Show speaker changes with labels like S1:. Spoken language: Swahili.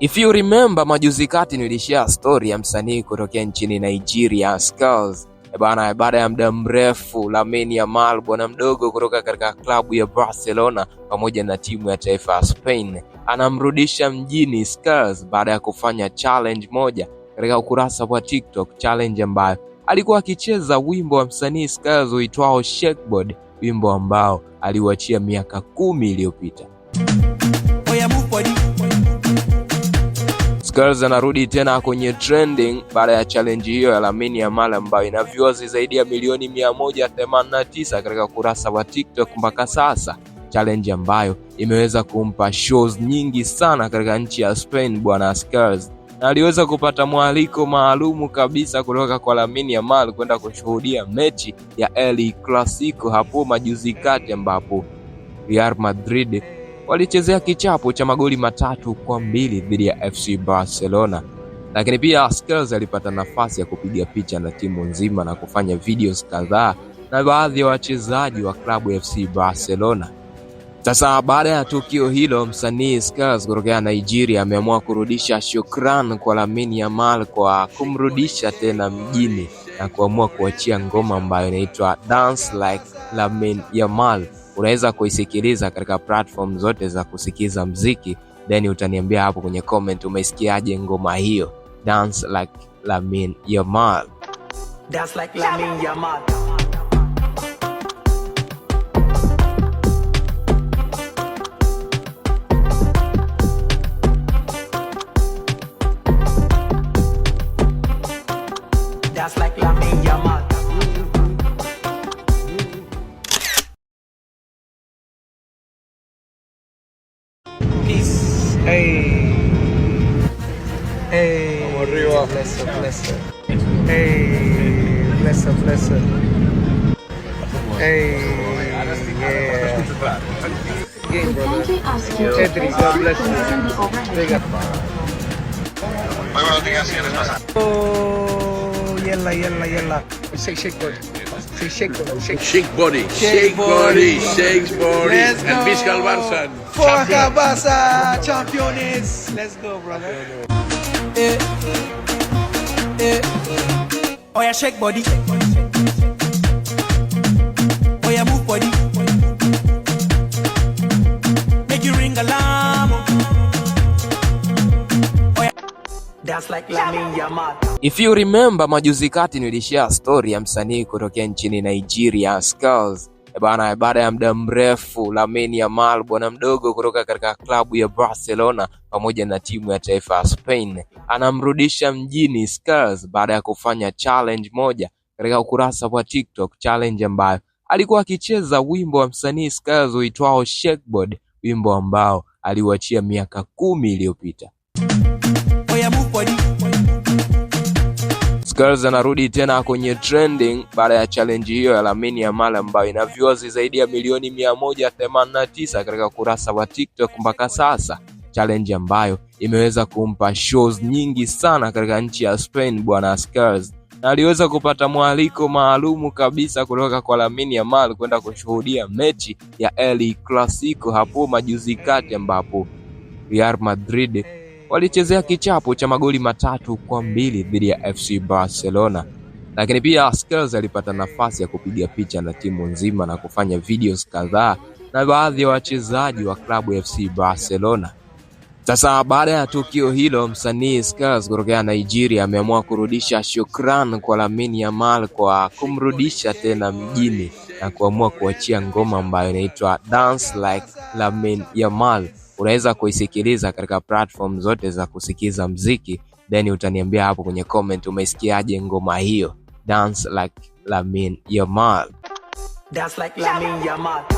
S1: If you remember, majuzi kati nilishare story ya msanii kutokea nchini Nigeria Skillz eh, bana, baada ya muda mrefu Lamine Yamal bwana mdogo kutoka katika klabu ya Barcelona pamoja na timu ya taifa ya Spain anamrudisha mjini Skulls baada ya kufanya challenge moja katika ukurasa wa TikTok, challenge ambayo alikuwa akicheza wimbo wa msanii Skulls uitwao Shakeboard, wimbo ambao aliuachia miaka kumi iliyopita. Skels anarudi tena kwenye trending baada ya challenge hiyo ya Lamine Yamal ambayo ina views zaidi ya milioni 189 katika kurasa wa TikTok mpaka sasa, challenge ambayo imeweza kumpa shows nyingi sana katika nchi ya Spain bwana Skels, na aliweza kupata mwaliko maalumu kabisa kutoka kwa Lamine Yamal kwenda kushuhudia mechi ya El Clasico hapo majuzi kati ambapo Real Madrid walichezea kichapo cha magoli matatu kwa mbili dhidi ya FC Barcelona, lakini pia Skrells alipata nafasi ya kupiga picha na timu nzima na kufanya videos kadhaa na baadhi ya wa wachezaji wa klabu FC Barcelona. Sasa baada ya tukio hilo, msanii Skrells kutokea Nigeria ameamua kurudisha shukran kwa Lamine Yamal kwa kumrudisha tena mjini na kuamua kuachia ngoma ambayo inaitwa Dance Like Lamine Yamal unaweza kuisikiliza katika platform zote za kusikiza mziki, then utaniambia hapo kwenye comment umesikiaje ngoma hiyo Dance Like lamin Yamal. Dance like lamin Yamal. Hey. Vamos arriba. Bless up, bless up. Hey. Bless up, bless Hey. Yeah. Yeah, brother. bless you. Big up. Muy buenos días, Oh, yella, yella, yella. Shake, shake, Shake, shake, shake. body, shake body, shake body. And fiscal Barça. Forja Barça, champions. Let's go, brother. eh, eh. eh, eh. shake body. move body. Make you ring alarm. Oh. If you remember, majuzi kati nilishare story ya msanii kutokea nchini Nigeria Skulls Eh, bana. Baada ya muda mrefu Lamine Yamal bwana mdogo kutoka katika klabu ya Barcelona pamoja na timu ya taifa ya Spain anamrudisha mjini Scars baada ya kufanya challenge moja katika ukurasa wa TikTok, challenge ambayo alikuwa akicheza wimbo wa msanii Scars uitwao Shakeboard, wimbo ambao aliuachia miaka kumi iliyopita. Girls anarudi tena kwenye trending baada ya challenge hiyo ya Lamine Yamal ambayo ina views zaidi ya milioni 189 katika kurasa wa TikTok mpaka sasa, challenge ambayo imeweza kumpa shows nyingi sana katika nchi ya Spain bwana Skels, na aliweza kupata mwaliko maalumu kabisa kutoka kwa Lamine Yamal kwenda kushuhudia mechi ya El Clasico hapo majuzi kati ambapo Real Madrid walichezea kichapo cha magoli matatu kwa mbili dhidi ya FC Barcelona, lakini pia Skills alipata nafasi ya kupiga picha na timu nzima na kufanya videos kadhaa na baadhi ya wa wachezaji wa klabu FC Barcelona. Sasa baada ya tukio hilo, msanii Skills kutokea Nigeria ameamua kurudisha shukran kwa Lamine Yamal kwa kumrudisha tena mjini na kuamua kuachia ngoma ambayo inaitwa Dance Like Lamine Yamal unaweza kuisikiliza katika platform zote za kusikiza mziki, then utaniambia hapo kwenye comment umesikiaje ngoma hiyo Dance Like lamin Yamal. Dance like Lamin Yamal.